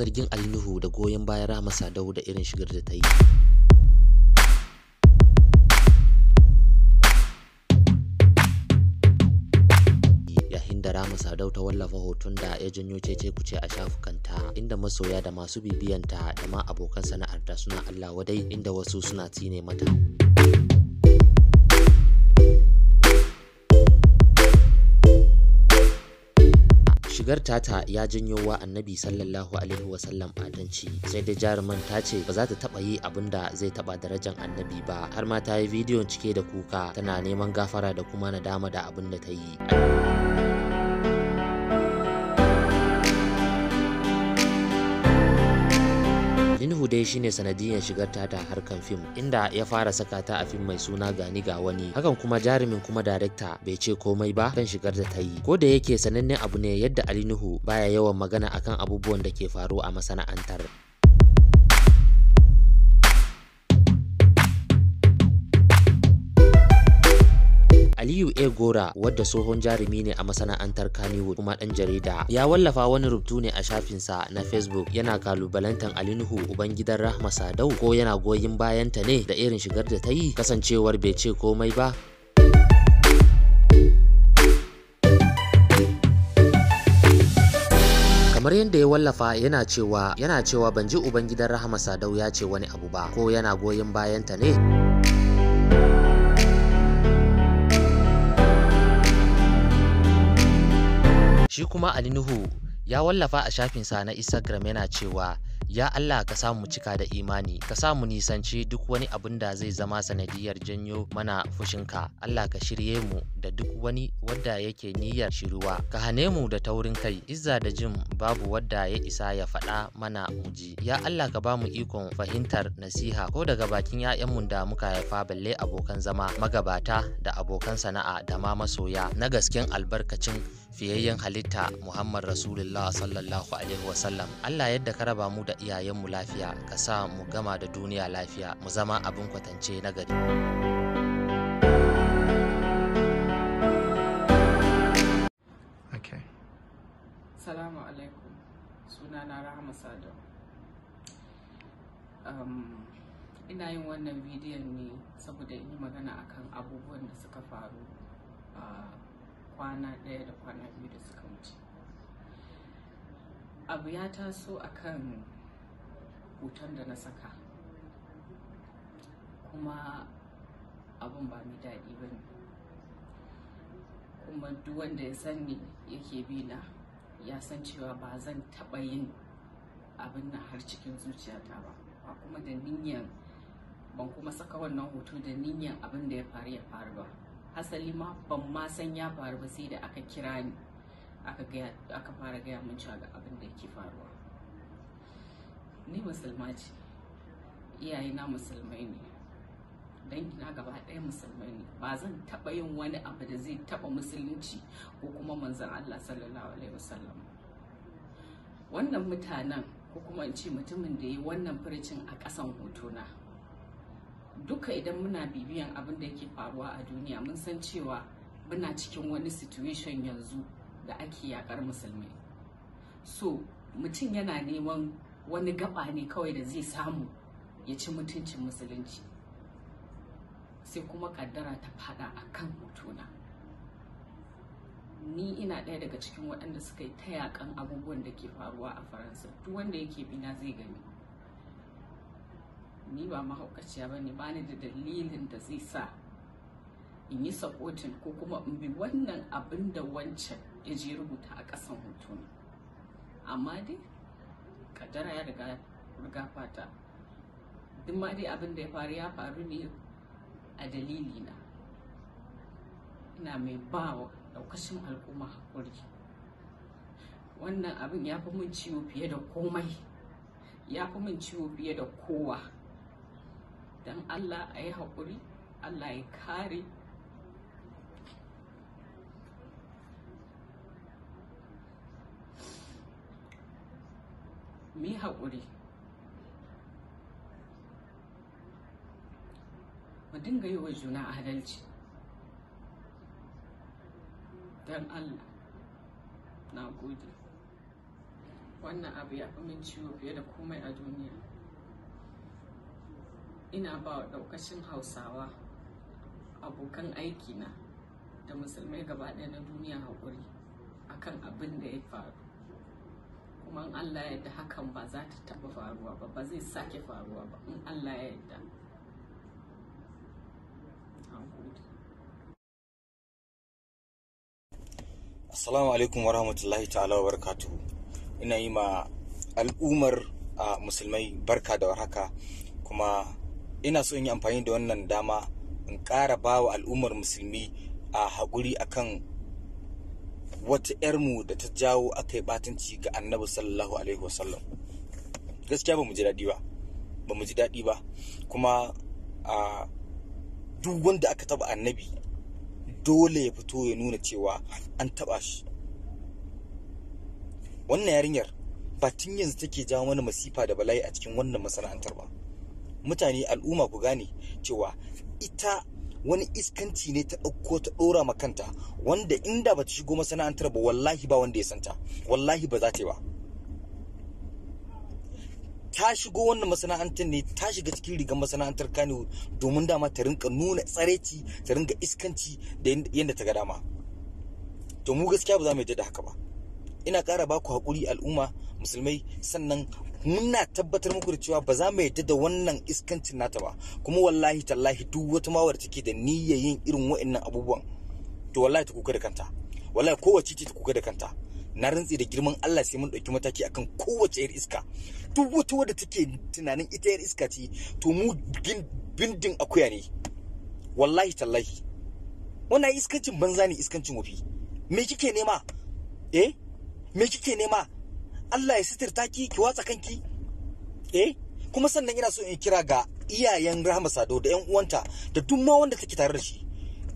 zargin alluhu da goyon bayan Rahama Sadau da irin shigar da ta yi. da rama Sadau ta wallafa hoton da ya janyo cece kuce a shafukanta inda masoya da masu bibiyanta da ma abokan sana'arta suna Allah wadai inda wasu suna tsine mata. shigar tata ya janyo wa annabi sallallahu alaihi wasallam adanci sai dai jaruman ta ce ba za ta taba yi abin da zai taba darajan annabi ba har ma ta yi bidiyon cike da kuka tana neman gafara da kuma nadama da abin da ta yi. dai shine sanadiyar shigar ta harkan fim inda ya fara saka ta a fim mai suna gani ga wani hakan kuma jarumin kuma darekta bai ce komai ba kan shigar da ta yi ko da yake sanannen abu ne yadda Ali Nuhu baya yawan magana akan abubuwan da ke faru a masana'antar Aliyu A. Gora wadda tsohon jarumi ne a masana'antar Kannywood kuma ɗan jarida. Ya wallafa wani rubutu ne a shafinsa na Facebook yana kalubalantan Alinuhu Ubangidan Rahma Sadau ko yana goyin bayanta ne da irin shigar da ta yi kasancewar bai ce komai ba kamar yadda ya wallafa yana cewa yana cewa ban ji ubangidan rahama sadau ya ce wani abu ba ko yana goyon bayanta ne Shi kuma Ali Nuhu ya wallafa a shafinsa na Instagram yana cewa ya Allah ka samu cika da imani ka samu nisanci duk wani abin da zai zama sanadiyar janyo mana fushinka Allah ka shirye mu da duk wani wadda yake niyyar shiruwa ka hane mu da taurin kai izza da jin babu wadda ya isa ya faɗa mana muji ya Allah ka ba mu ikon fahimtar nasiha ko daga bakin mu da muka haifa balle abokan zama magabata da abokan sana'a da ma masoya na gasken albarkacin shafiyayyen halitta Muhammad Rasulullah sallallahu alaihi wasallam Allah yadda ka raba mu da iyayenmu lafiya ka sa mu gama da duniya lafiya mu zama abin kwatance na gari. Salamu um, ina yin wannan bidiyon ne saboda in yi magana akan abubuwan da suka faru uh, kwana ɗaya da kwana biyu da suka wuce abu ya taso a kan hoton da na saka kuma abun ba mai daɗi ba ne kuma duk wanda ya sani yake bi na ya san cewa ba zan taɓa yin abin na har cikin zuciyata ba ba kuma da niyyar ban kuma saka wannan hoto da niyyar abin da ya faru ya faru ba Asali ma ban ma san ya faru ba sai da aka kira ni aka fara gaya mun cewa ga abin da yake faruwa ni musulma ce iyaye na musulmai ne na gaba ɗaya musulmai ne ba zan taɓa yin wani abu da zai taɓa musulunci ko kuma manzon Allah sallallahu alaihi wasallam wannan mutanen ko kuma in ce mutumin da ya yi wannan furcin a ƙasan hotona. duka idan muna bibiyan abin da yake faruwa a duniya mun san cewa muna cikin wani situation yanzu da ake yakar musulmi so mutum yana neman wani gaba ne kawai da zai samu ya ci mutuncin musulunci sai kuma kaddara ta fada a kan hotuna ni ina ɗaya daga cikin waɗanda suka yi ta yakan abubuwan da ke faruwa a faransa duk wanda yake bina zai gani ni ba mahaukaciya ba ne bani da dalilin da zai sa in yi supporting ko kuma in bi wannan abin da wancan ya je rubuta a kasan hoto ne amma dai kaddara ya riga fata duk ma dai abin da ya faru ya faru ne a dalili na ina mai bawa daukashin al'umma hakuri wannan abin ya fi mun ciwo fiye da komai ya fi mun ciwo fiye da kowa don allah a yi haƙuri allah ya kare mi haƙuri mu dinga yi wa juna adalci don allah na gode wannan abu ya fi min ciwo fiye da komai a duniya ina ba wa daukashin hausawa abokan aiki na da musulmai gaba ɗaya na duniya haƙuri akan abin da ya faru kuma in allah ya yarda hakan ba za ta taɓa faruwa ba ba zai sake faruwa ba in allah ya yarda Assalamu alaikum wa rahmatullahi ta'ala wa barakatuhu. Ina yi ma al'ummar ah, musulmai barka da warhaka kuma ina so in yi amfani da wannan dama in ƙara ba wa al'ummar musulmi a haƙuri a kan wata 'yarmu da ta jawo aka yi batanci ga annabi sallallahu alaihi wasallam gaskiya ba mu ji daɗi ba ba mu ji daɗi ba kuma a duk wanda aka taba annabi dole ya fito ya nuna cewa an taba shi wannan yarinyar ba tun yanzu take jawo wani masifa da bala'i a cikin wannan masana'antar ba mutane al'umma ku gane cewa ita wani iskanci ne ta ɗauko ta ɗora ma kanta wanda inda ba ta shigo masana'antar ba wallahi ba wanda ya santa wallahi ba za ta yi ba ta shigo wannan masana'antar ne ta shiga cikin rigar masana'antar kano domin dama ta rinka nuna tsareci ta rinka iskanci da yadda ta ga dama to mu gaskiya ba za mu yadda da haka ba ina ƙara ba ku haƙuri al'umma musulmai sannan muna tabbatar muku da cewa ba za mu yadda da wannan iskancin nata ba kuma wallahi tallahi duk wata mawar take da niyya yin irin wa'annan abubuwan to wallahi ta kuka da kanta wallahi kowace ce ta kuka da kanta na rantsi da girman Allah sai mun ɗauki mataki akan kowace yar iska duk wata wadda take tunanin ita yar iska ce to mu bindin akuya ne wallahi tallahi wannan iskancin banza ne iskancin wafi me kike nema eh me kike nema Allah ya ta ki ki watsa kanki eh kuma sannan ina so in kira ga iyayen Rahma Sado da ƴan uwanta da duk ma wanda take tare da shi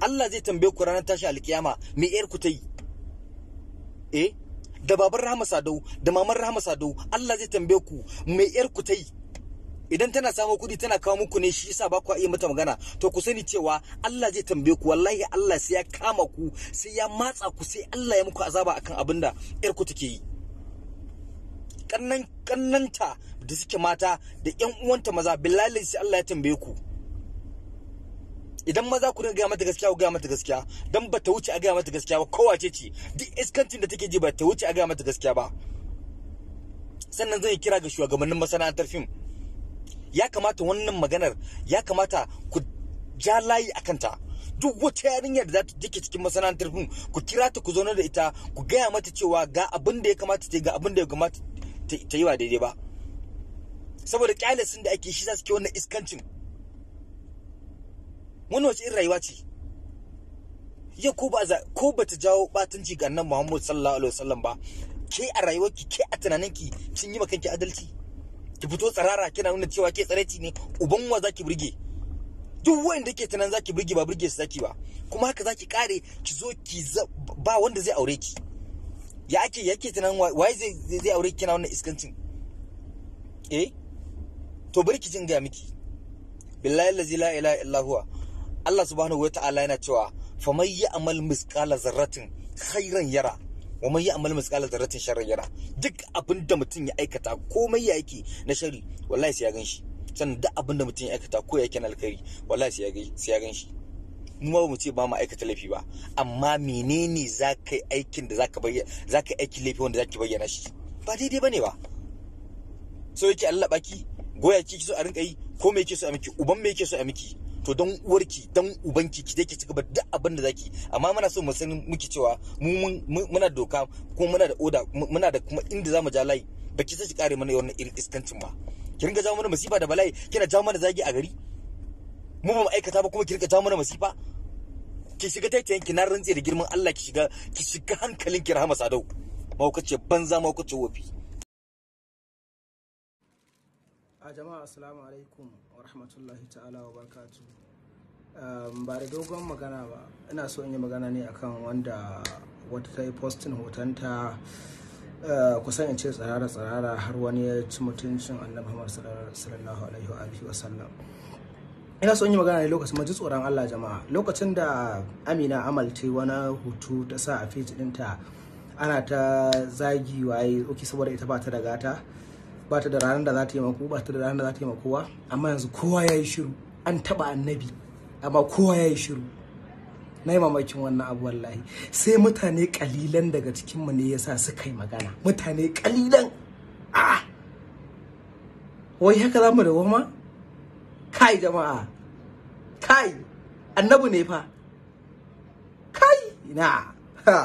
Allah zai tambaye ku ranar tashi alkiyama me yar ku ta yi eh da baban Rahma Sado da maman Rahma Sado Allah zai tambaye ku me yar ku ta yi idan tana samu kuɗi tana kawo muku ne shi yasa ba ku iya mata magana to ku sani cewa Allah zai tambaye ku wallahi Allah sai ya kama ku sai ya matsa ku sai Allah ya muku azaba akan abinda yar ku take yi kannanta da suke mata da yan uwanta maza billahi sai Allah ya tambaye ku idan maza ku ne gaya mata gaskiya ku gaya mata gaskiya dan ta wuce a gaya mata gaskiya ba kowace ce duk iskancin da take ji ba ta wuce a gaya mata gaskiya ba sannan zan yi kira ga shugabannin masana'antar fim ya kamata wannan maganar ya kamata ku ja layi a kanta duk wata yarinya da za ta take cikin masana'antar fim ku kira ta ku zauna da ita ku gaya mata cewa ga abin da ya kamata ta ga abin da ya kamata ta yi ba daidai ba saboda kyalasin da ake shi za su ke wannan iskancin wani wace irin rayuwa ce ya ko ba za ko bata jawo batanci ga nan Muhammad sallallahu alaihi wasallam ba ke a rayuwarki ke a tunaninki kin yi makanki adalci ki fito tsarara kina nuna cewa ke tsareci ne uban wa zaki burge duk wanda ke tunan zaki burge ba burge su zaki ba kuma haka zaki kare ki zo ki ba wanda zai aure ki ya ake yake tunanin wa zai zai aure kina wannan iskancin eh to bari ki jin miki billahi allazi la ilaha illa huwa Allah subhanahu wa ta'ala yana cewa fa faman amal misqala zarratin khairan yara wa man amal misqala zarratin sharran yara duk abin da mutum ya aikata komai ya yake na shari wallahi sai ya ganshi sannan duk abin da mutum ya aikata ko yake na alkhairi wallahi sai ya ganshi Numa ba mu ce ba mu aikata laifi ba amma menene za ka yi aikin da za ka bayyana za ka yi aikin laifi wanda za ki bayyana shi ba daidai ba ne ba so yake Allah baki goya ki so a rinka yi ko me yake so a miki uban me yake so a miki to don uwarki don ubanki ki je ki ci gaba duk abin da zaki amma muna so mu san muke cewa mu muna doka kuma muna da oda muna da kuma inda zamu ja layi baki sai ki kare mana wannan iskancin ba ki ringa jawo mana masifa da bala'i kina jawo mana zagi a gari mu ba mu aikata ba kuma ki rika mana masifa ki shiga taitayen ki na rantsi da girman Allah ki shiga ki shiga hankalin ki rahama sadau maukace banza maukace wofi a jama'a assalamu alaikum wa rahmatullahi ta'ala wa barakatuh um, ba da dogon magana ba ina so in yi magana ne akan wanda wata ta yi postin hotonta uh, kusan in ce tsirara-tsirara har wani ya ci mutuncin annabi muhammad sallallahu alaihi wa sallam ina son yi magana ne lokacin maji tsoron Allah jama'a lokacin da Amina Amal ta wani hutu ta sa a page ɗinta ana ta zagi waye oke saboda ita ba ta da gata ba ta da ranar da za ta yi maku ba ta da ranar da za ta yi amma yanzu kowa ya yi shiru an taba annabi amma kowa ya yi shiru na yi mamakin wannan abu wallahi sai mutane kalilan daga cikinmu ne yasa suka yi magana mutane kalilan ah wai haka za mu da goma kai jama'a kai annabu ne fa kai na ha